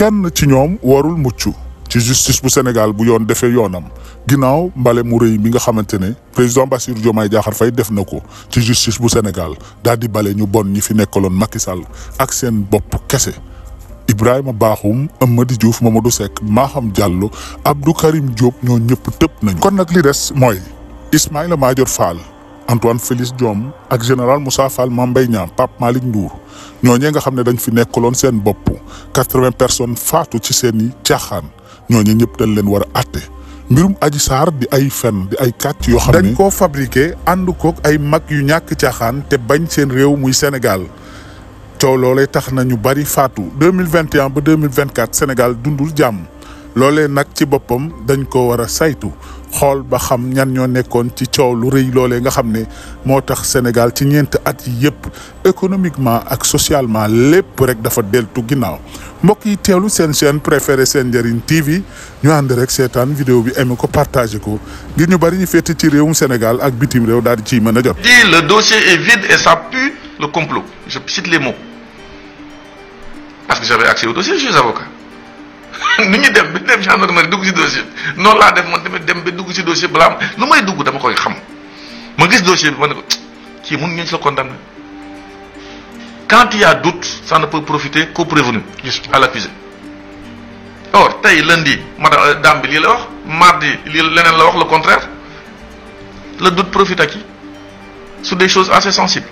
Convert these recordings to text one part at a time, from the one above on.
kenn ci ñoom warul mucc ci justice bu Sénégal bu yoon defee yoonam ginnaaw mbale mu rëy mi nga xamante ne président Bassirou Diomaye Diakhar fay def na ko ci justice bu Sénégal daal di bale ñu bon ñi fi nekkaloon Macky Sall ak seen bopp kese. Ibrahima Bakhoum ma Diouf Mamadou Seck Maham Diallo Abdou Karim Diop ñoo ñëpp tëb nañu. kon nag li des mooy Ismaïla Madior Fall. Antoine Félix Diom ak général Moussa Fall Mambay Niam Niang Pape Malick Ndour ñi nga xam dañ fi nekkaloon seen bop 80 personnes faatu ci seen tiaxan ñoo ñi ñep dañ leen wara atté mbirum Adji sar di ay fen di ay katch yo xam ne dañ koo fabriqué ànd kook ay mag yu ñak tiaxan te bañ seen réew muy Sénégal coow lolé tax na ñu bari faatu 2021 ba 2024 Sénégal dundul jam, lolé nak ci bopam dañ ko wara saytu xool ba xam ñan ñoo nekkoon ci coow lu rëy loolee nga xam ne moo tax Sénégal ci ñeent at yi yëpp économiquement ak socialement lépp rek dafa deltu ginnaaw mbokk yi teewlu seen chaîne préféré seen njëriñ TV ñu ànd rek seetaan vidéo bi aimé ko partagé ko ngir ñu bari ñu féete ci réewum Sénégal ak bitim réew daal di ciy mën a jot. di le dossier est vide et ça pue le complot je cite les mots parce que j'avais accès au dossier je suis avocat. ni ñu def bi dem gendarmerie dugg ci dossier non la def man tamit dem bi dugg ci dossier blam balaa lu may dugg dama koy xam ma gis dossier bi ma ko kii mun ngeen si condamné quand il y a doute ça ne peut profiter qu'au prévenu à l'accusé or tay lundi madame euh, dame bi lii la wax mardi li leneen la wax le contraire le doute profite à qui sur des choses assez sensibles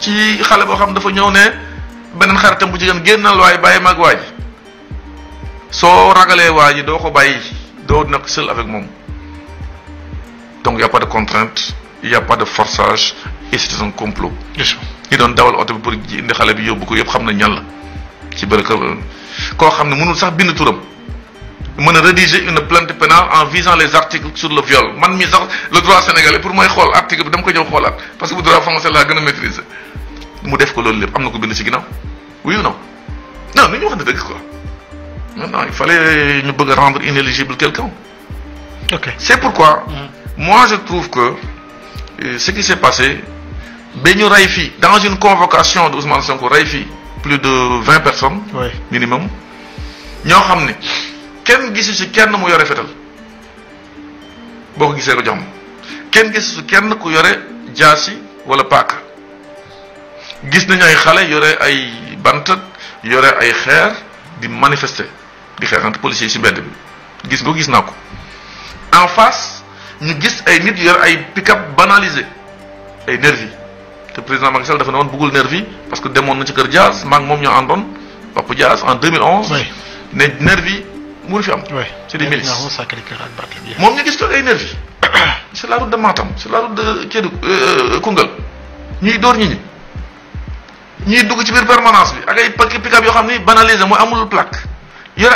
ci xale bo xam dafa ñëw ne beneen xaritam bu jigéen génnal way baye mag waay so ragalé waa do ko bàyyi do nak seul avec mom donc il y' a pas de contrainte y' a pas de forçage et c'est un complot. ñi doon dawal auto bi pour indi xalé bi yóbbu ko yëpp xamna ñal la ci bëri ko koo mënul sax bind turam mëna rédiger une plainte pénale en visant les articles sur le viol man mi sax le droit sénégalais pour moy xol article bi dama ko ñew xolat parce que bu droit français la gëna maîtriser mu def ko loolu lépp amna ko bind ci ginnaw oui ou non non mais ñu wax na dëgg quoi il fallait rendre inéligible quelqu'un. C'est pourquoi, mm. moi je trouve que euh, ce qui s'est passé, dans une convocation d'Ousmane Sonko Raifi, plus de 20 personnes minimum, nous avons dit kenn gisu kenn mu yore fait boo qui ko jox kenn kenn ku wala ay bantat ay di manifester différentes policiers ci mbedd bi gis nga gis naa en face ñu gis ay nit yor ay pick-up banalisé ay nervi te président Macky Sall dafa ne woon nervi parce que demoon na ci kër Diaz maa ngi moom ñoo Papa en 2011. oui nervi mu fi am. oui c'est des milices moom ñu gis toog ay nervi sur la route de Matam sur la route de Kédougou euh, kungal ñuy dóor ñi ñi ñuy dugg ci biir permanence bi ak ay pick-up yoo banalisé amul plaque. Il y a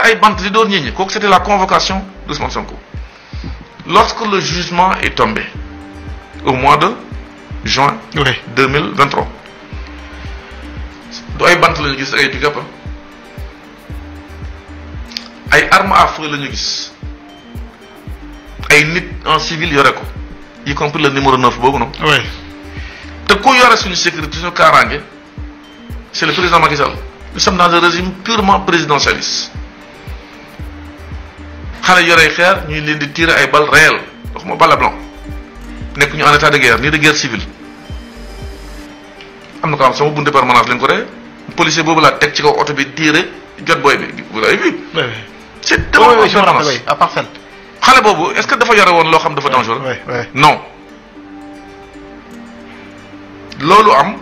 c'était la convocation d'Ousmane Sonko lorsque le jugement est tombé au mois de juin. 2023. il y a la ñu armes à feu le ñu Il ay en civil y compris le numéro 9 Il y oui te ku yore suñu sécurité c'est le président Macky nous sommes dans un régime purement présidentialiste. xale yoree xeer ñuy leen ay balles réelles nekk ñu en état de guerre na ko am sama buntu permanence lañ boobu laa teg ci kaw bi tiire jot booy xale boobu est-ce que dafa yore woon loo xam dafa dangereux. non loolu am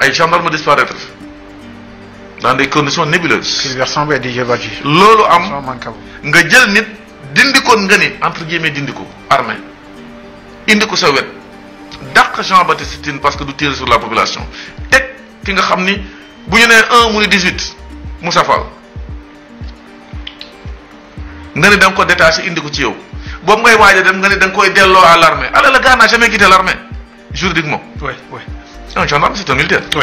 ay gendarme disparaître. dans des conditions nébuleuses. qu'il ressemble à des jévadis. loolu am nga jël nit dindi ko nga nit entre guillemets dindi ko armée indi ko sa wet dàq Jean Baptiste parce que du tirer sur la population tek ki nga xamni ni bu ñu né un mu 18 Moussa Fall nga ni dang ko détaché indi ko ci yow bo ngay waaj dem nga ni dang koy dello à l' armée alors le n'a jamais quitté l'armée juridiquement. oui oui un gendarme c'est un militaire. oui.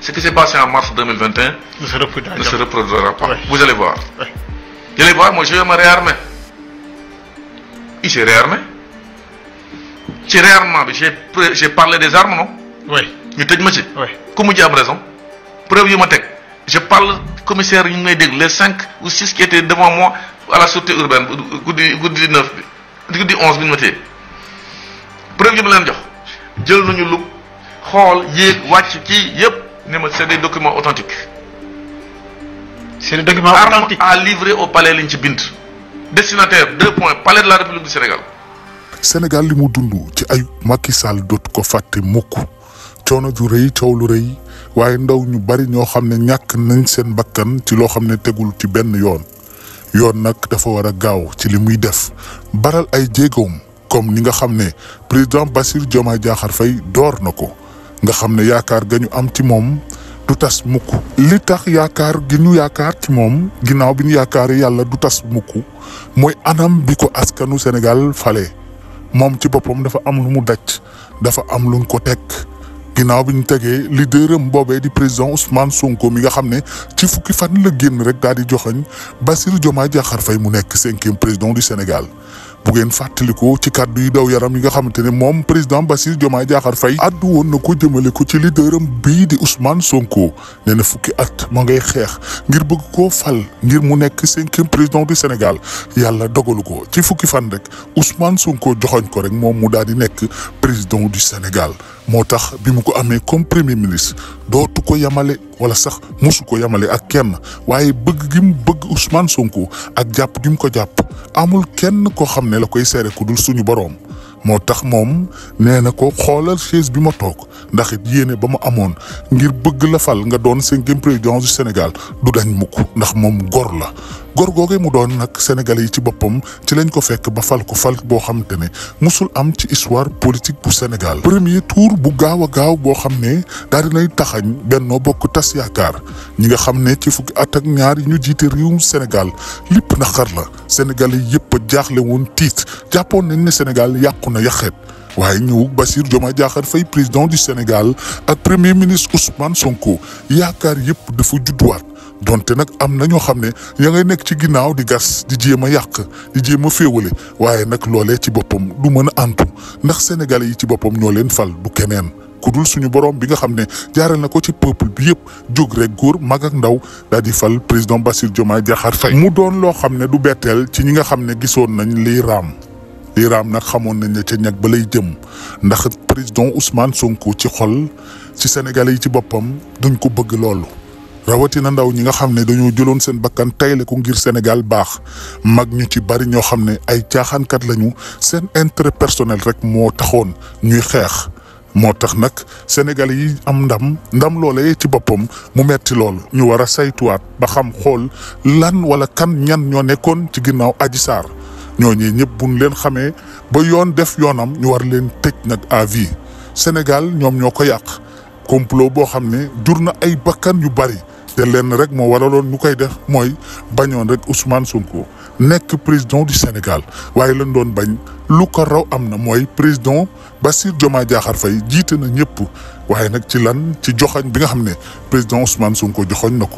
ce qui s'est passé en mars 2021 ne se reproduira, pas. Vous allez voir. Vous allez voir, moi je vais me réarmer. Il s'est réarmé. j'ai parlé des armes non. oui te dit ma raison. preuve ma je parle commissaire les 5 ou 6 qui étaient devant moi à la sûreté urbaine du 19 du 11 preuve ne c'est des documents authentiques. c'est des documents authentiques à livrer au palais Lynchbint, ci destinataire deux points palais de la république du Sénégal. Sénégal li mu dund ci ay Macky Sall dot ko fàtte mukk coono ju rëy coow lu rëy ndaw ñu bari ño ñak nañ seen bakkan ci lo tegul ci benn yoon yoon nak dafa wara ci li def baral ay comme ni nga président Bassir Diomaye Diakhar Faye dor nako nga xam ne yaakaar ga ñu am ci moom du tas mukk li tax yaakaar gi ñu yaakaar ci moom ginnaaw bi ñu yaakaar yàlla du tas mukk mooy anam bi ko askanu Sénégal fale moom ci boppam dafa am lu mu daj dafa am luñ ko teg ginnaaw bi ñu tegee li leaderam mboobee di président Ousmane Sonko mi nga xam ne ci fukki fan la génn rek daal di joxañ Bassirou jomaa Diakhar fay mu nekk cinquième président du Sénégal bu ngeen fàttalikoo ci kàddu yi daw yaram yi nga xamante ne moom président Bassirou Diomaye Diakhar Faye addu woon na ko jëmale ko ci leaderam bii di Ousmane Sonko nee na fukki at ma ngay xeex ngir bëgg koo fal ngir mu nekk cinquième président du Sénégal yàlla dogalu ko ci fukki fan rek Ousmane Sonko joxoñ ko rek moom mu daal di nekk président du Sénégal moo tax bi mu ko amee comme premier ministre dootu ko yamale wala sax mosu ko yamale ak kenn waaye bëgg gi bëgg Ousmane Sonko ak jàpp gi mu ko jàpp amul kenn koo xam ne la koy seere ku dul suñu boroom moo tax moom nee na ko xoolal chaise bi ma toog ndax it yéene ba mu amoon ngir bëgg la fal nga doon cinquième président du Sénégal du dañ mukk ndax moom gor la gor googee mu doon nag sénégal yi ci boppam ci lañ ko fekk ba fal ko fal boo xam ne mosul am ci histoire politique bu Sénégal premier tour bu gaaw a gaaw boo xam ne daal di lay taxañ Benno Bokk Tas Yaakaar ñi nga xam ne ci fukki at ak ñaar yi ñu jiite réewum Sénégal lépp xar la sénégalais yëpp a jaaxle woon tiit jàppoon nañ ne Sénégal yàqu na yàqeet waaye ñëwug Bassirou Diomaye Diakhar fay président du Sénégal ak premier ministre Ousmane Sonko yaakaar yëpp dafa judduwaat donte nag am na ñoo xam ne ya ngay nekk ci ginnaaw di gas di jéem a yàq di jéem a féewale waaye nag loole ci boppam du mën a antu ndax sénégalais yi ci boppam ñoo leen fal du keneen. ku suñu borom bi nga xam ne jaareel na ko ci peuple bi yëpp jóg rek góor mag ak ndaw daal di fal président Bassirou Diomaye Diakhar fay mu doon loo xam ne du betteel ci ñi nga xam ne gisoon nañ liy raam. Iram nag xamoon nañ ne ca ñag ba lay jëm ndax président Ousmane Sonko ci xol ci Sénégalais yi ci boppam duñ ko bëgg loolu. rawatina ndaw ñi nga xam ne dañoo jëloon seen bakkan tayle ko ngir Sénégal baax mag ñu ci bari ñoo xam ne ay caaxaankat lañu seen intérêt personnel rek moo taxoon ñuy xeex. moo tax nag Sénégal yi am ndam ndam loolee ci boppam mu metti lool ñu war a saytuwaat ba xam xool lan wala kan ñan ñoo nekkoon ci ginnaaw aji Sarr ñoo ñooñu ñëpp buñ leen xamee ba yoon def yoonam ñu war leen tëj nag à vie Sénégal ñoom ñoo ko yàq complot boo xam ne jur na ay bakkan yu bari te lenn rek moo waraloon ñu koy def mooy bañoon rek Ousmane Sonko nekk président du Sénégal waaye lañ doon bañ lu ko raw am na mooy président Bassirou Diomaye Diakhar fay jiite na ñëpp waaye nag ci lan ci joxañ bi nga xam ne président Ousmane Sonko joxoñ na ko.